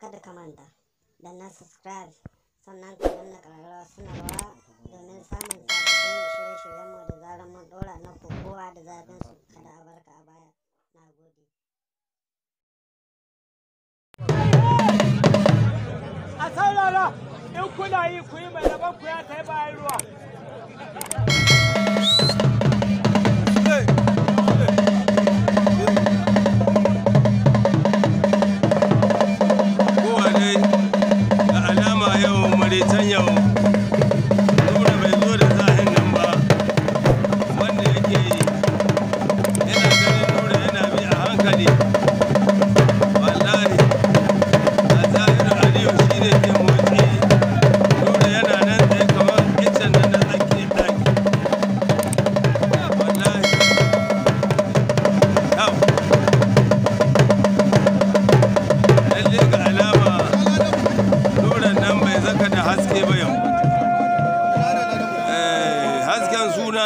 kada ka manta da na subscribe sannan ka danna ƙararrawa sanarwa domin samun sabbin shirye-shiryenmu da zarar mun ɗora na kowa da zafin su kada a barka a baya na gode a saurara in kuna yi ku yi mai ku ya ta bayan ruwa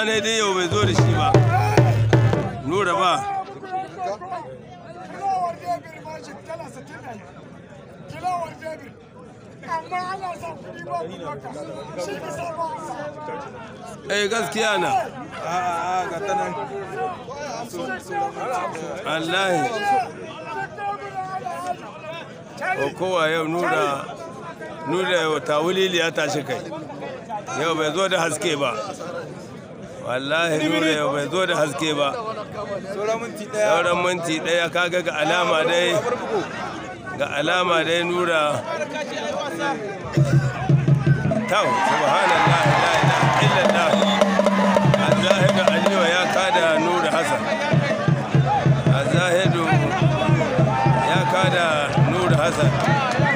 ne dai yau bai zo da shi ba nura ba eh gaskiya na o oh, kowa yau nura nura yau tashi kai yau bai zo da haske ba wallahi nura yau bai zo da haske ba sauran minti daya kaga ga alama dai ga alama dai nura tau subhanallah